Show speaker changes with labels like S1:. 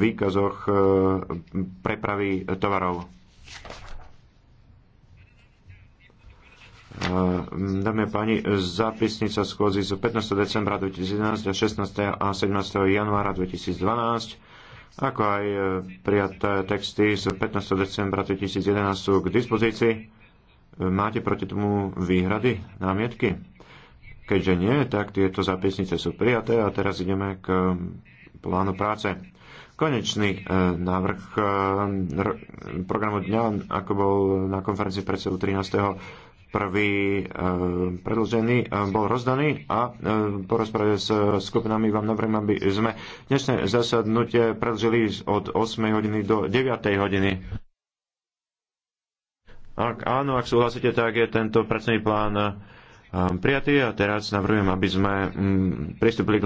S1: výkazoch e, prepravy tovarov. E, dámy a páni, zápisnica schôdzi z 15. decembra 2011 a 16. a 17. januára 2012 ako aj e, prijaté texty z 15. decembra 2011 sú k dispozícii. Máte proti tomu výhrady, námietky? Keďže nie, tak tieto zápisnice sú prijaté a teraz ideme k plánu práce. Konečný e, návrh e, programu dňa, ako bol na konferencii predsedu 13 prvý e, predlžený, bol rozdaný a po rozprave s skupinami vám navrhujem, aby sme dnešné zasadnutie predlžili od 8 hodiny do 9 hodiny. Ak áno, ak súhlasíte, tak je tento pracovný plán prijatý a teraz navrhujem, aby sme mm, pristúpili k